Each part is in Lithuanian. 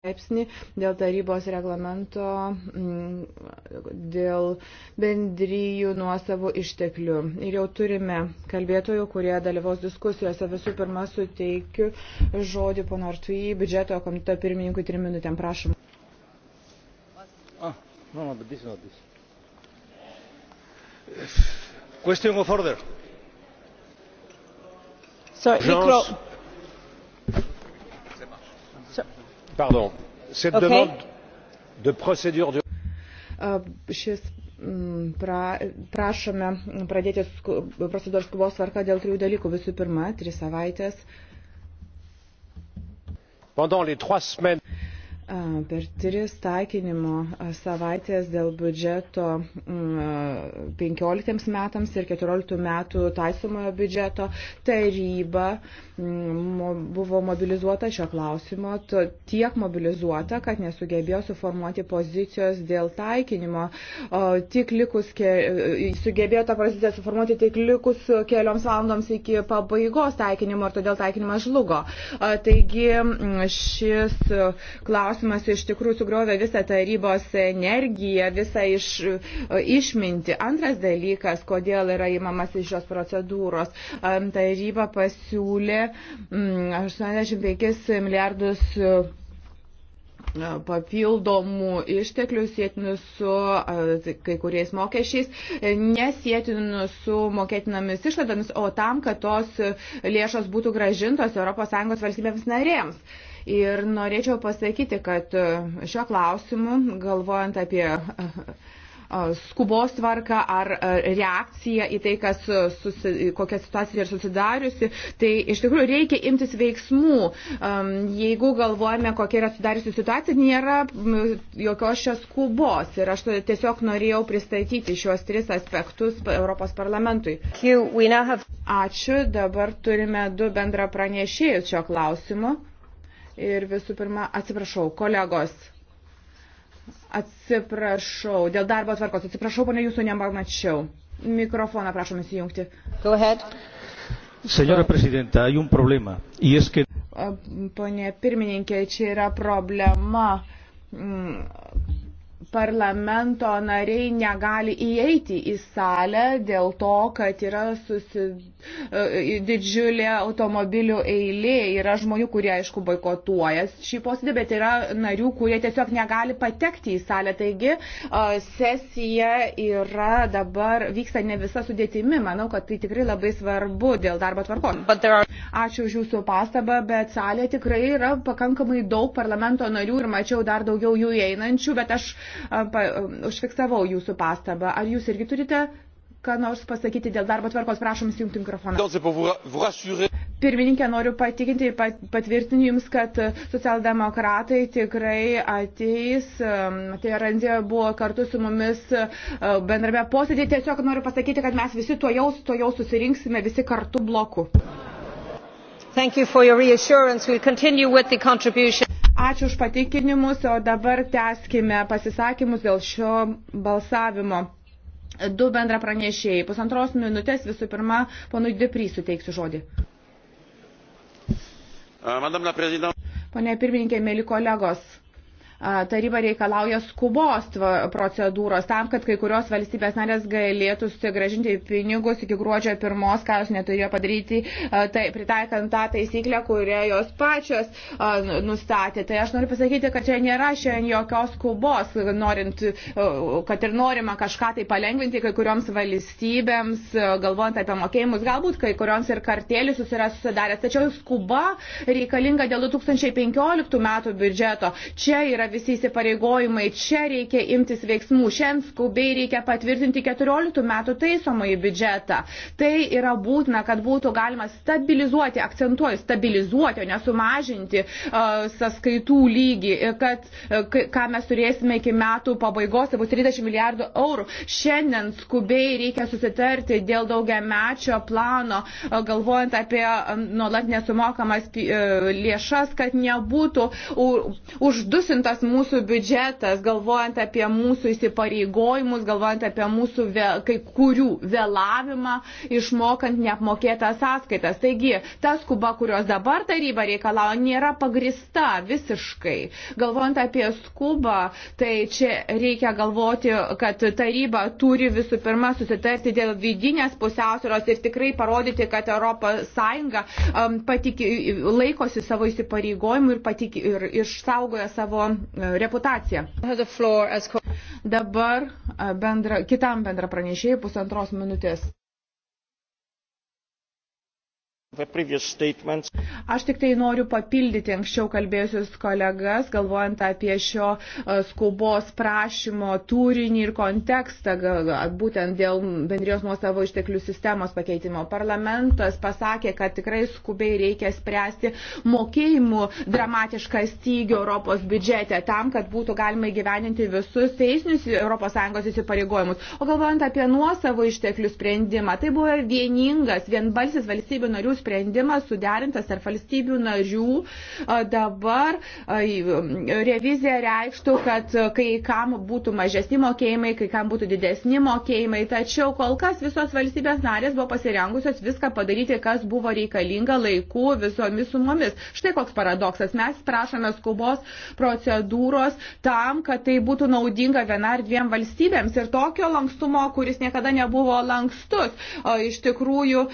straipsnį dėl tarybos reglamento, mm, dėl bendryjų nuosavų išteklių. Ir jau turime kalbėtojų, kurie dalyvaus diskusijose. Visų pirma, suteikiu žodį pono Artui, biudžeto komiteto pirmininkui trim minutėm, prašom. Ah, no, no, but this is not this. Question of order. So, Jean... Šis mm, pra, prašome pradėti sku, procedūros skubos tvarką dėl trijų dalykų. Visų pirma, tris savaitės. Pendant les trois semaines. Per tris taikinimo savaitės dėl biudžeto 15 metams ir 14 metų taisomojo biudžeto taryba buvo mobilizuota šio klausimo, tiek mobilizuota, kad nesugebėjo suformuoti pozicijos dėl taikinimo, tik likus, ke... sugebėjo tą poziciją suformuoti tik likus kelioms valandoms iki pabaigos taikinimo ir todėl taikinimas žlugo. Taigi šis klausimas klausimas iš tikrųjų sugriovė visą tarybos energiją, visą iš, e, išminti. Antras dalykas, kodėl yra įmamas iš šios procedūros. Taryba pasiūlė 85 mm, milijardus papildomų išteklių sėtinų su kai kuriais mokesčiais, nesėtinų su mokėtinamis išlaidomis, o tam, kad tos lėšos būtų gražintos ES valstybėms narėms. Ir norėčiau pasakyti, kad šiuo klausimu, galvojant apie skubos tvarka ar reakcija į tai, kas, susi, kokia situacija yra susidariusi. Tai iš tikrųjų reikia imtis veiksmų. Jeigu galvojame, kokia yra sudariusi situacija, nėra jokios šios skubos. Ir aš tiesiog norėjau pristatyti šios tris aspektus Europos parlamentui. Ačiū. Dabar turime du bendra pranešėjus šio klausimu. Ir visų pirma, atsiprašau, kolegos. Atsiprašau, dėl darbo tvarkos. Atsiprašau, ponė, jūsų nemačiau. Mikrofoną prašom įsijungti. Go ahead. Señora presidenta, hay un problema. Y es que... Pone pirmininkė, čia yra problema mm, parlamento nariai negali įeiti į salę dėl to, kad yra susi, e, didžiulė automobilių eilė. Yra žmonių, kurie, aišku, boikotuoja šį posėdį, bet yra narių, kurie tiesiog negali patekti į salę. Taigi e, sesija yra dabar vyksta ne visa sudėtimi. Manau, kad tai tikrai labai svarbu dėl darbo tvarkos. Are... Ačiū už jūsų pastabą, bet salė tikrai yra pakankamai daug parlamento narių ir mačiau dar daugiau jų einančių, bet aš pa, užfiksavau jūsų pastabą. Ar jūs irgi turite ką nors pasakyti dėl darbo tvarkos? Prašom įsijungti mikrofoną. Pirmininkė, noriu patikinti, patvirtinu Jums, kad socialdemokratai tikrai ateis. Um, tai Randė buvo kartu su mumis uh, bendrame posėdė. Tiesiog noriu pasakyti, kad mes visi to jau, to jau susirinksime, visi kartu bloku. Thank you for your reassurance. We'll continue with the contribution. Ačiū už patikinimus, o dabar teskime pasisakymus dėl šio balsavimo. Du bendra pranešėjai. Pusantros minutės visų pirma, ponui Dipry suteiksiu žodį. Pone pirmininkė, mėly kolegos, Taryba reikalauja skubos procedūros tam, kad kai kurios valstybės narės galėtų susigražinti pinigus iki gruodžio pirmos, ką jos neturėjo padaryti, tai, pritaikant tą taisyklę, kurią jos pačios nustatė. Tai aš noriu pasakyti, kad čia nėra šiandien jokios skubos, norint, kad ir norima kažką tai palengvinti kai kurioms valstybėms, galvojant apie mokėjimus, galbūt kai kurioms ir kartėlius yra susidaręs. Tačiau skuba reikalinga dėl 2015 metų biudžeto. Čia yra visi įsipareigojimai, čia reikia imtis veiksmų, šiandien skubiai reikia patvirtinti 14 metų taisomąjį biudžetą. Tai yra būtina, kad būtų galima stabilizuoti, akcentuoju, stabilizuoti, o nesumažinti uh, sąskaitų lygį, kad uh, ką mes turėsime iki metų pabaigos, tai bus 30 milijardų eurų. Šiandien skubiai reikia susitarti dėl daugiamečio plano, uh, galvojant apie um, nuolat nesumokamas uh, lėšas, kad nebūtų uždusintas visas mūsų biudžetas, galvojant apie mūsų įsipareigojimus, galvojant apie mūsų vė, kai kurių vėlavimą, išmokant neapmokėtas sąskaitas. Taigi, ta skuba, kurios dabar taryba reikalauja, nėra pagrista visiškai. Galvojant apie skubą, tai čia reikia galvoti, kad taryba turi visų pirma susitarti dėl vidinės pusiausvėros ir tikrai parodyti, kad ES um, patiki, laikosi savo įsipareigojimų ir, patiki, ir išsaugoja savo E, reputaciją. Dabar e, bendra, kitam bendra pranešėjai pusantros minutės. Aš tik tai noriu papildyti anksčiau kalbėjusius kolegas, galvojant apie šio e, skubos prašymo turinį ir kontekstą, būtent dėl bendrijos nuosavo išteklių sistemos pakeitimo. Parlamentas pasakė, kad tikrai skubiai reikia spręsti mokėjimų dramatišką stygių Europos biudžete, tam, kad būtų galima įgyveninti visus teisinius ES įsipareigojimus. O galvojant apie nuosavo išteklių sprendimą, tai buvo vieningas, vienbalsis valstybių narių sprendimas suderintas tarp valstybių narių. Dabar revizija reikštų, kad kai kam būtų mažesni mokėjimai, kai kam būtų didesni mokėjimai. Tačiau kol kas visos valstybės narės buvo pasirengusios viską padaryti, kas buvo reikalinga laiku visomis sumomis. Štai koks paradoksas. Mes prašome skubos procedūros tam, kad tai būtų naudinga viena ar dviem valstybėms. Ir tokio lankstumo, kuris niekada nebuvo lankstus, iš tikrųjų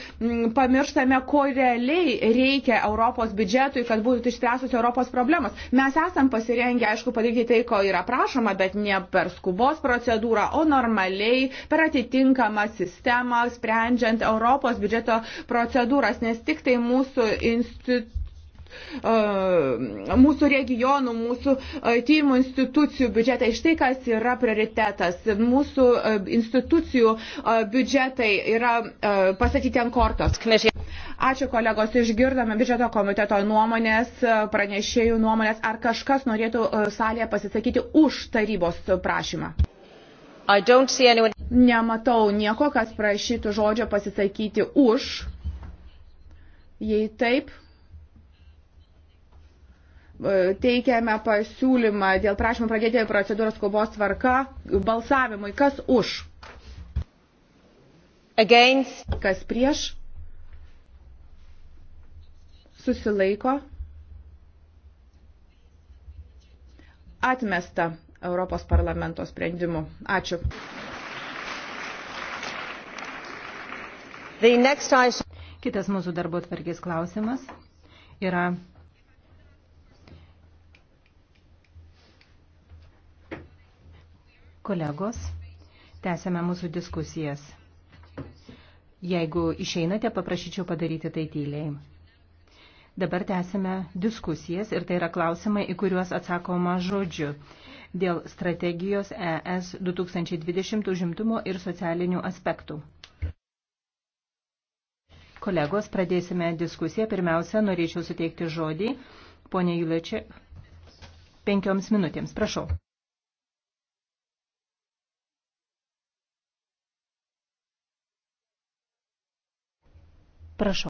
pamirštame, ko realiai reikia Europos biudžetui, kad būtų išspręstos Europos problemos. Mes esam pasirengę, aišku, padaryti tai, ko yra prašoma, bet ne per skubos procedūrą, o normaliai per atitinkamą sistemą, sprendžiant Europos biudžeto procedūras, nes tik tai mūsų institucijų e, mūsų regionų, mūsų e, tyrimų institucijų biudžetai. Štai kas yra prioritetas. Mūsų e, institucijų biudžetai yra pasakyti ant kortos. Ačiū kolegos, išgirdome biudžeto komiteto nuomonės, pranešėjų nuomonės. Ar kažkas norėtų e, salėje pasisakyti už tarybos prašymą? Anyone... Nematau nieko, kas prašytų žodžio pasisakyti už. Jei taip, e, teikiame pasiūlymą dėl prašymų pradėti procedūros skubos tvarka balsavimui. Kas už? Against. Kas prieš? susilaiko, atmesta Europos parlamento sprendimu. Ačiū. Kitas mūsų darbo tvarkės klausimas yra kolegos, tęsiame mūsų diskusijas. Jeigu išeinate, paprašyčiau padaryti tai tyliai. Dabar tęsime diskusijas ir tai yra klausimai, į kuriuos atsakoma žodžiu dėl strategijos ES 2020 užimtumo ir socialinių aspektų. Kolegos, pradėsime diskusiją. Pirmiausia, norėčiau suteikti žodį. Pone Julečiai, penkioms minutėms. Prašau. Prašau.